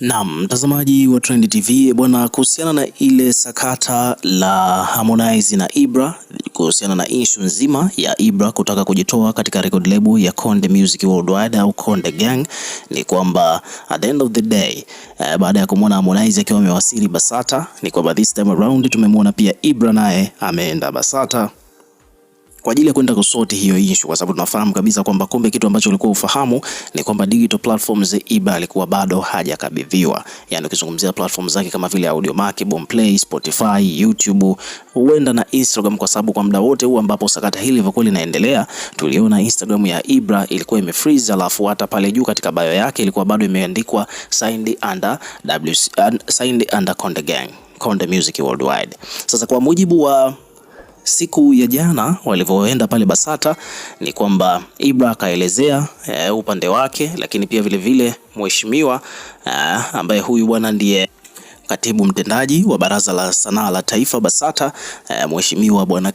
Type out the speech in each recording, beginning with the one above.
Naam, mtazamaji wa Trend TV bwana, kuhusiana na ile sakata la Harmonize na Ibra, kuhusiana na issue nzima ya Ibra kutaka kujitoa katika record label ya Konde Music Worldwide au Konde Gang, ni kwamba at the end of the day eh, baada ya kumwona Harmonize akiwa amewasili Basata, ni kwamba this time around tumemwona pia Ibra naye ameenda Basata kwa ajili ya kwenda kusoti hiyo issue, kwa sababu tunafahamu kabisa kwamba kumbe kitu ambacho ulikuwa ufahamu ni kwamba digital platforms Iba alikuwa bado hajakabidhiwa. Yani ukizungumzia platforms zake kama vile Audiomack, Boomplay, Spotify, YouTube, huenda na Instagram, kwa sababu kwa muda wote huu ambapo sakata hili lilivyokuwa linaendelea, tuliona Instagram ya Ibra ilikuwa imefreeze, alafu hata pale juu katika bio yake ilikuwa bado imeandikwa signed under WC, signed under Konde Gang, Konde Music Worldwide. Sasa kwa mujibu wa siku ya jana walivyoenda pale Basata ni kwamba Ibra akaelezea e, upande wake, lakini pia vilevile mheshimiwa eh, ambaye huyu bwana ndiye katibu mtendaji wa Baraza la Sanaa la Taifa BASATA, e, Mheshimiwa Bwana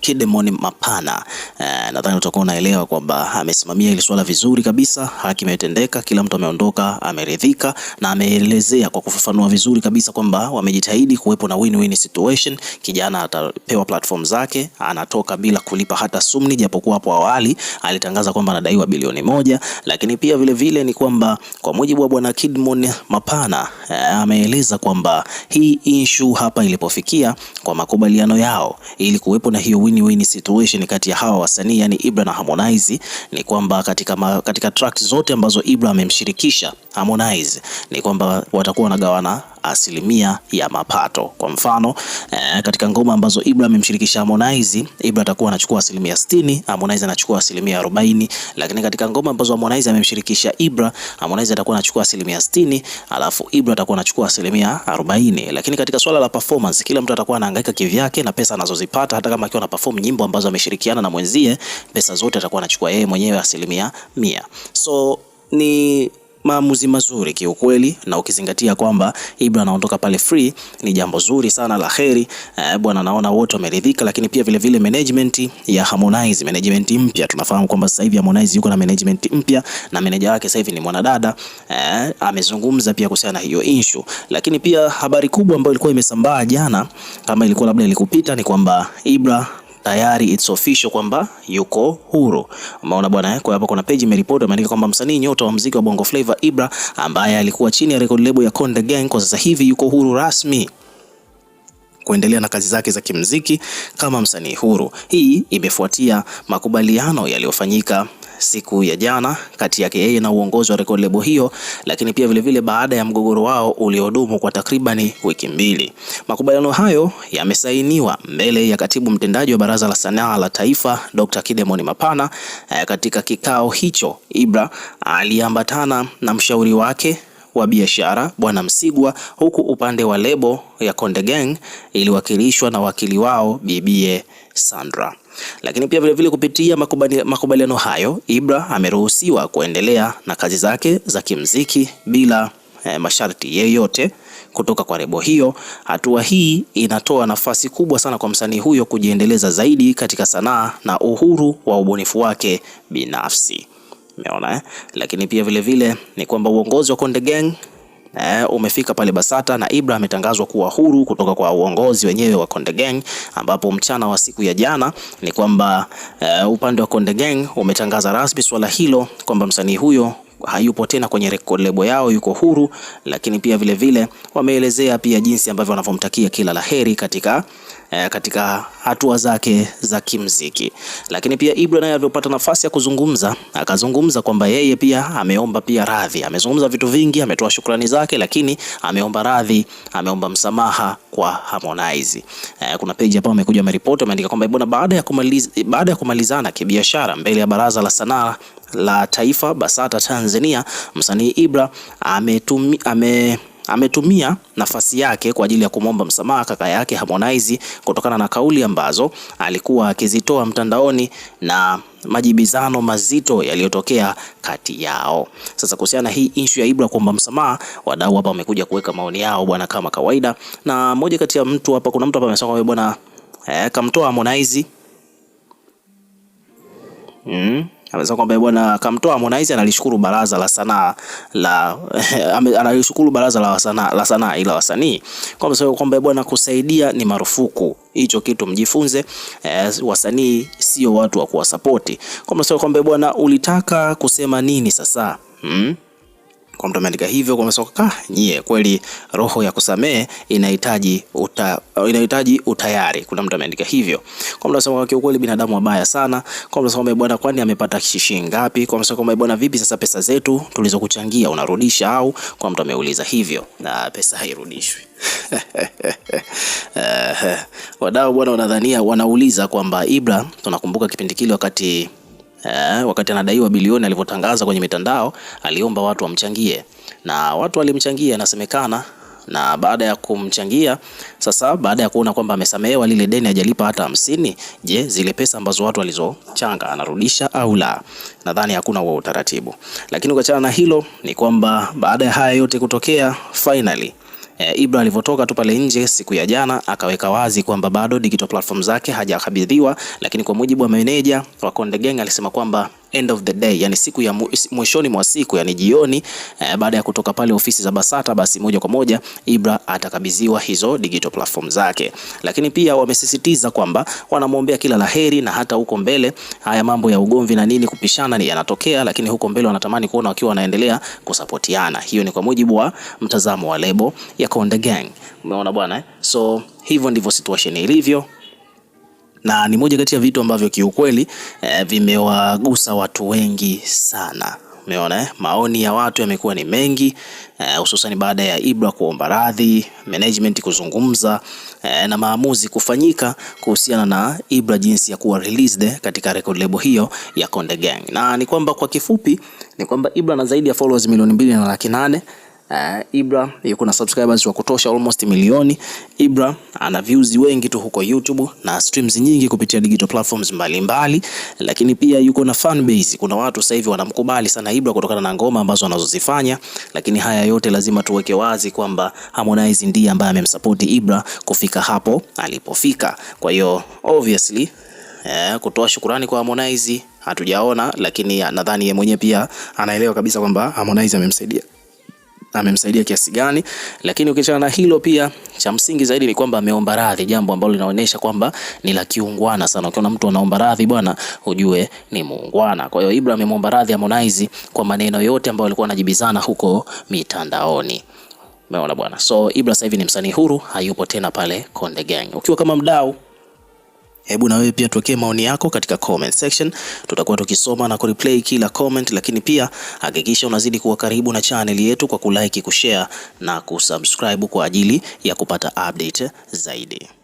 Kidemon Mapana. E, nadhani utakuwa unaelewa kwamba amesimamia hili swala vizuri kabisa, haki imetendeka, kila mtu ameondoka ameridhika, na ameelezea kwa kufafanua vizuri kabisa kwamba wamejitahidi kuwepo na win-win situation. Kijana atapewa platform zake, anatoka bila kulipa hata sumni, japokuwa hapo awali alitangaza kwamba anadaiwa bilioni moja, lakini pia vilevile vile ni kwamba kwa mujibu wa Bwana Kidemon Mapana e, ameeleza kwamba hii issue hapa ilipofikia kwa makubaliano yao, ili kuwepo na hiyo win-win situation kati ya hawa wasanii, yani Ibra na Harmonize, ni kwamba katika, ma, katika tracks zote ambazo Ibra amemshirikisha Harmonize ni kwamba watakuwa wanagawana asilimia ya mapato. Kwa mfano eh, katika ngoma ambazo Ibra amemshirikisha Harmonize, Ibra atakuwa anachukua asilimia 60, Harmonize anachukua asilimia 40. Lakini katika ngoma ambazo Harmonize amemshirikisha Ibra, Harmonize atakuwa anachukua asilimia 60, alafu Ibra atakuwa anachukua asilimia 40. Lakini katika swala la performance, kila mtu atakuwa anahangaika kivyake na pesa anazozipata, hata kama akiwa na perform nyimbo ambazo ameshirikiana na mwenzie, pesa zote atakuwa anachukua yeye mwenyewe asilimia 100. So ni maamuzi mazuri kiukweli, na ukizingatia kwamba Ibra anaondoka pale free, ni jambo zuri sana la heri eh, bwana. Naona wote wameridhika, lakini pia vile vile management ya Harmonize, management mpya. Tunafahamu kwamba sasa hivi Harmonize yuko na management mpya na meneja wake sasa hivi ni mwanadada eh, amezungumza pia kuhusiana na hiyo issue, lakini pia habari kubwa ambayo ilikuwa imesambaa jana, kama ilikuwa labda ilikupita, ni kwamba Ibra tayari it's official kwamba yuko huru. Umeona bwana, eh, kwa hapa kuna page imeripoti imeandika kwamba msanii nyota wa muziki wa Bongo Flava Ibra ambaye alikuwa chini ya record label ya Konde Gang kwa sasa hivi yuko huru rasmi kuendelea na kazi zake za kimziki kama msanii huru. Hii imefuatia makubaliano yaliyofanyika siku ya jana kati yake yeye na uongozi wa record label hiyo, lakini pia vilevile baada ya mgogoro wao uliodumu kwa takribani wiki mbili. Makubaliano hayo yamesainiwa mbele ya katibu mtendaji wa Baraza la Sanaa la Taifa Dr. Kidemoni Mapana. Eh, katika kikao hicho, Ibra aliambatana na mshauri wake wa biashara Bwana Msigwa, huku upande wa lebo ya Konde Gang iliwakilishwa na wakili wao Bibie Sandra. Lakini pia vilevile kupitia makubaliano hayo, Ibra ameruhusiwa kuendelea na kazi zake za kimziki bila eh, masharti yeyote kutoka kwa lebo hiyo. Hatua hii inatoa nafasi kubwa sana kwa msanii huyo kujiendeleza zaidi katika sanaa na uhuru wa ubunifu wake binafsi. Umeona? Lakini pia vilevile vile, ni kwamba uongozi wa Konde Gang eh, umefika pale Basata na Ibra ametangazwa kuwa huru kutoka kwa uongozi wenyewe wa Konde Gang, ambapo mchana wa siku ya jana ni kwamba eh, upande wa Konde Gang umetangaza rasmi swala hilo kwamba msanii huyo hayupo tena kwenye record label yao, yuko huru. Lakini pia vile vile wameelezea pia jinsi ambavyo wanavyomtakia kila laheri katika eh, katika hatua zake za kimziki. Lakini pia Ibra naye alipopata nafasi ya kuzungumza akazungumza kwamba yeye pia ameomba pia radhi, amezungumza vitu vingi, ametoa shukrani zake, lakini ameomba radhi, ameomba msamaha kwa Harmonize. Eh, kuna page hapa wamekuja wameripoti, wameandika kwamba bwana, baada ya kumaliza baada ya kumalizana kibiashara mbele ya Baraza la Sanaa la taifa BASATA Tanzania, msanii Ibra ametumi, ame ametumia nafasi yake kwa ajili ya kumwomba msamaha kaka yake Harmonize kutokana na kauli ambazo alikuwa akizitoa mtandaoni na majibizano mazito yaliyotokea kati yao. Sasa kuhusiana na hii issue ya Ibra kuomba msamaha, wadau hapa wamekuja kuweka maoni yao bwana, kama kawaida, na moja kati ya mtu hapa, kuna mtu hapa amesema kwamba bwana eh, kamtoa Harmonize mm amesema kwamba bwana akamtoa Harmonize analishukuru baraza la sanaa la analishukuru baraza la sanaa la sanaa ila wasanii kwamba bwana kusaidia ni marufuku hicho kitu mjifunze. Eh, wasanii sio watu wa kuwasapoti. Kwamba kwamba bwana ulitaka kusema nini sasa hmm? kwa mtu ameandika hivyo kwa msoka nyie, kweli roho ya kusamehe inahitaji uta, inahitaji utayari. Kuna mtu ameandika hivyo kwa mtu anasema, kwa kweli binadamu wabaya sana. Kwa mtu anasema, bwana, kwani amepata shishi ngapi? Kwa mtu anasema, bwana, vipi sasa pesa zetu tulizokuchangia unarudisha au? Kwa mtu ameuliza hivyo, na pesa hairudishwi. Eh, eh, eh. Wadau bwana, wanadhania wanauliza kwamba Ibra, tunakumbuka kipindi kile wakati eh, wakati anadaiwa bilioni alivyotangaza kwenye mitandao, aliomba watu wamchangie na watu walimchangia inasemekana na baada ya kumchangia sasa, baada ya kuona kwamba amesamehewa lile deni, hajalipa hata hamsini, je, zile pesa ambazo watu walizochanga anarudisha au la? Nadhani hakuna huo utaratibu, lakini ukiachana na hilo, ni kwamba baada ya haya yote kutokea finally e, Ibra alivyotoka tu pale nje siku ya jana akaweka wazi kwamba bado digital platform zake hajakabidhiwa, lakini kwa mujibu wa meneja wa Konde Gang alisema kwamba end of the day, yani siku ya mwishoni mwa siku, yani jioni eh, baada ya kutoka pale ofisi za Basata, basi moja kwa moja Ibra atakabidhiwa hizo digital platform zake. Lakini pia wamesisitiza kwamba wanamwombea kila laheri, na hata huko mbele haya mambo ya ugomvi na nini kupishana ni yanatokea, lakini huko mbele wanatamani kuona wakiwa wanaendelea kusapotiana. Hiyo ni kwa mujibu wa mtazamo wa lebo ya Konde Gang. Umeona bwana eh? So hivyo ndivyo situation ilivyo na ni moja kati ya vitu ambavyo kiukweli eh, vimewagusa watu wengi sana. Umeona eh? Maoni ya watu yamekuwa ni mengi eh, hususan eh, baada ya Ibra kuomba radhi, management kuzungumza eh, na maamuzi kufanyika kuhusiana na Ibra jinsi ya kuwa released eh, katika record label hiyo ya Konde Gang. Na ni kwamba kwa kifupi ni kwamba Ibra na zaidi ya followers milioni mbili na laki nane Uh, Ibra yuko na subscribers wa kutosha almost milioni. Ibra ana views wengi tu huko YouTube na streams nyingi kupitia digital platforms mbalimbali mbali, lakini pia yuko na fan base. Kuna watu sasa hivi wanamkubali sana Ibra kutokana na ngoma ambazo anazozifanya, lakini haya yote lazima tuweke wazi kwamba Harmonize ndiye ambaye amemsupport Ibra kufika hapo alipofika. Kwa hiyo obviously eh, kutoa shukurani kwa Harmonize hatujaona, lakini nadhani yeye mwenyewe pia anaelewa kabisa kwamba Harmonize amemsaidia amemsaidia kiasi gani, lakini ukichana na hilo, pia cha msingi zaidi ni kwamba ameomba radhi, jambo ambalo linaonyesha kwamba ni la kiungwana sana. Ukiona mtu anaomba radhi bwana, ujue ni muungwana. Kwa hiyo Ibra ameomba radhi Harmonize kwa maneno yote ambayo alikuwa anajibizana huko mitandaoni. Umeona bwana, so Ibra sasa hivi ni msanii huru, hayupo tena pale Konde Gang. Ukiwa kama mdau Hebu na wewe pia tuwekee maoni yako katika comment section, tutakuwa tukisoma na kureplay kila comment, lakini pia hakikisha unazidi kuwa karibu na channel yetu kwa kulike, kushare na kusubscribe kwa ajili ya kupata update zaidi.